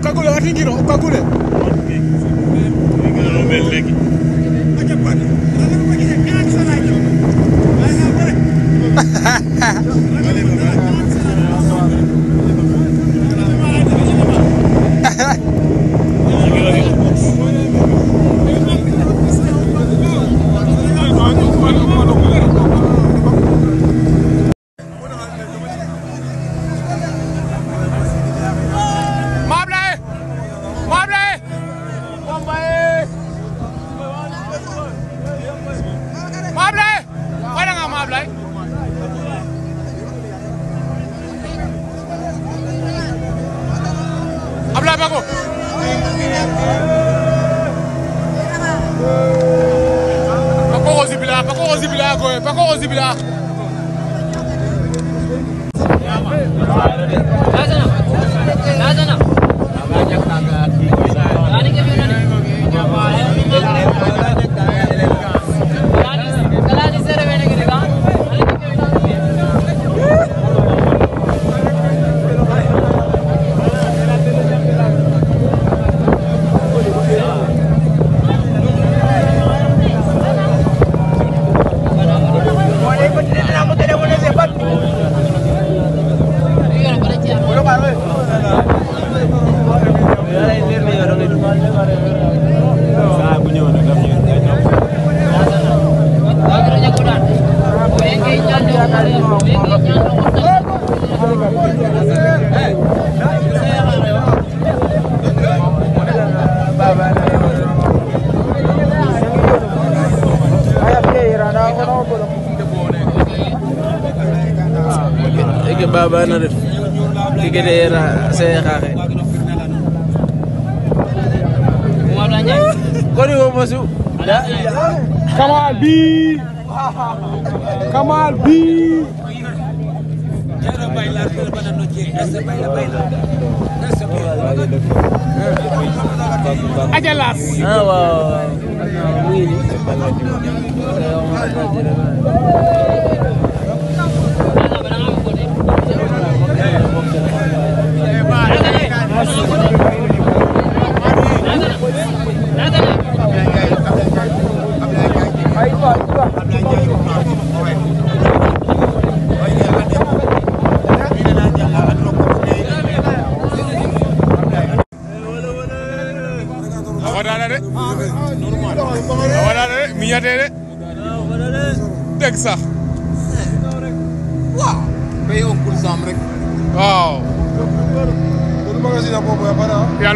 kakule wakatindira ukakule Thank you. Pako, ako. Pakokozi bila, pakokozi bila ako eh. Pakokozi bila. Nasaan na? Nasaan na? baba na def diggante Seexaaxe kodi wo mosu kamal bi kamal bi ajalas ah waaw Thank you.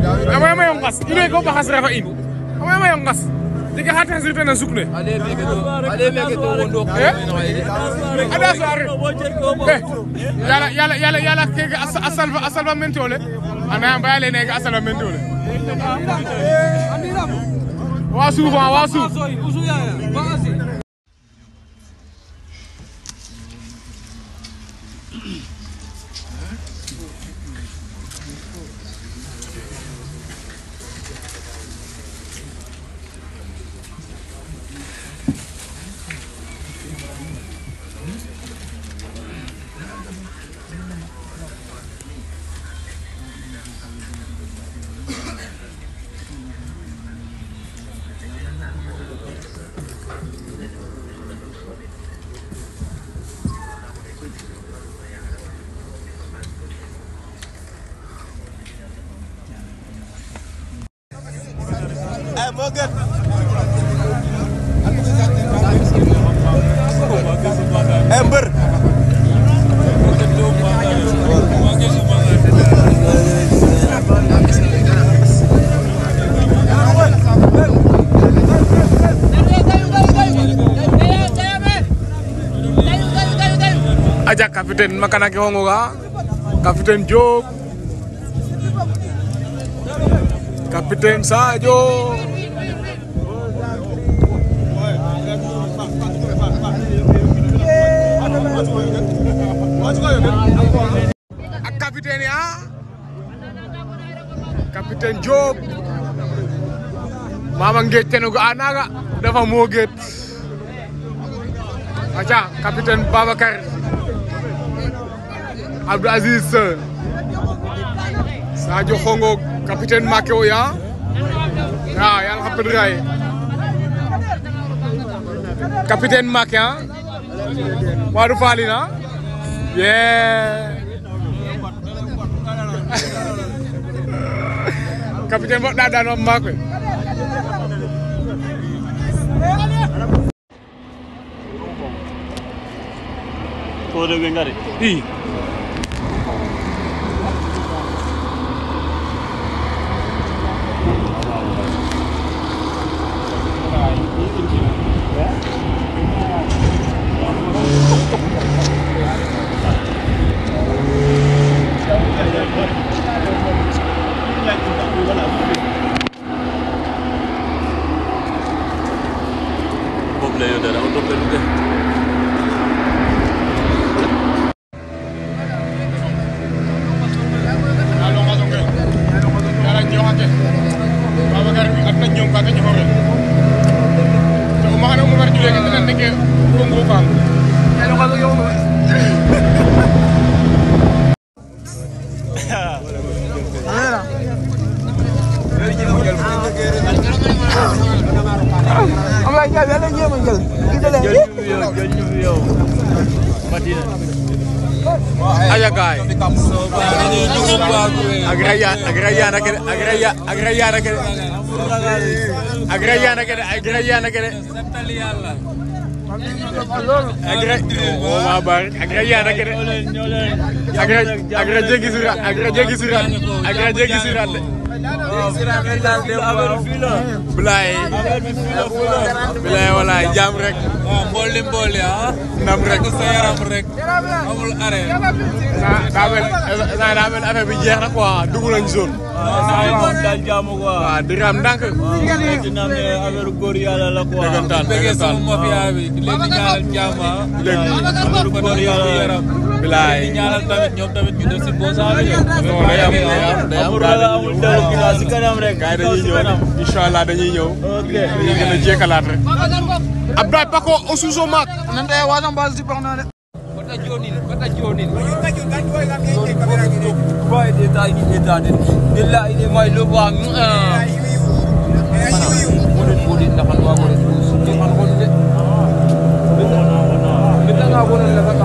Amoy amoy ngas ine ko bahas refa in Amoy amoy ngas Tiga hati hasil tena sukne Ale meke to Ale meke to wondo ko eh? Ada sare eh, Yala yala yala yala ke asal asal ba mentole Ana mbale ne ga asal ba mentole eh, Wasu ba wasu Usu ya ya wasu aja kapten makan lagi hongo ga kapten Job kapten Sajo kapten ya kapten Job mama ngecen ga anaga dafa mo get aja kapten Babakar Abdou Aziz euh, Sadio Khongo capitaine Makeoya ya ah, yalla happenray capitaine Makea ah. Wadu Falina ah. yeah capitaine Wadda dano makwe Kode wengari. de la autopista. Rayane ak Rayane ak ak Rayane ak ak Rayane ak ak Rayane ak ak Ray oh, ma bari ak Rayane ak ak Rayane ak Rayane ak Rayane ak Rayane bilaay bilaay walaay jaam rek. waaw mbooli mbooli ah. ndam rek sa yaram rek. amul arrêt. daa mel daa mel affaire bi jeex na quoi dugg nañ zone. waaw saa yi moom daal jàmm quoi. waaw di raam ndànk. waaw dina am affaire góor yàlla la quoi. dëggantaan dëggantaan waaw mafia bi di leen di ñaanal jàmm ah. dëgg affaire góor yàlla yaram. bilaay di ñaanal tamit ñoom tamit ñu def si boosaale. non day am day am day am waaw si kanam rek gars yi dañuy ñëw incha allah dañuy ñëw. ok dañuy gën a jékkalaat rek. Abdoulaye Paco Osuzo Mak. nante wasan basi si Pax naa de. bata jonin bata jonin. Boy de ta ni de ta de. Dilla ide mai lo ba. Bodin bodin da kan wa gore. Ke kan kon de. Bita na bona. Bita na bona la ka ka.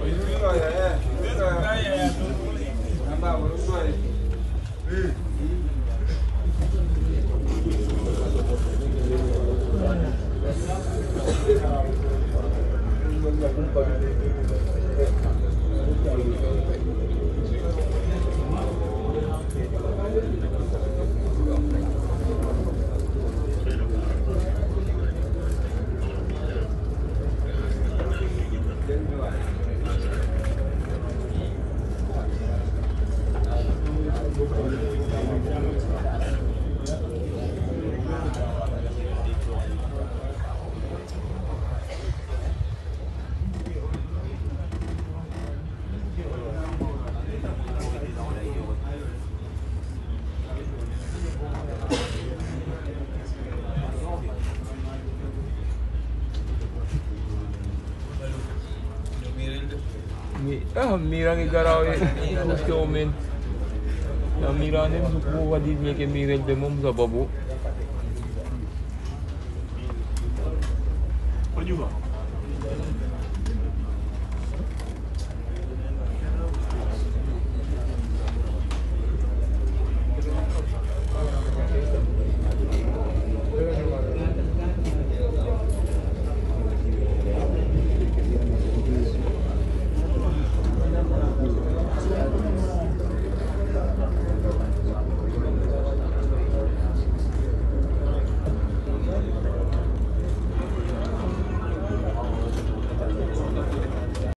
Mirang igaraw gusto m i n Namiranim sukuha di niya kay Mirel d e m o m sa babo. Pwede ba?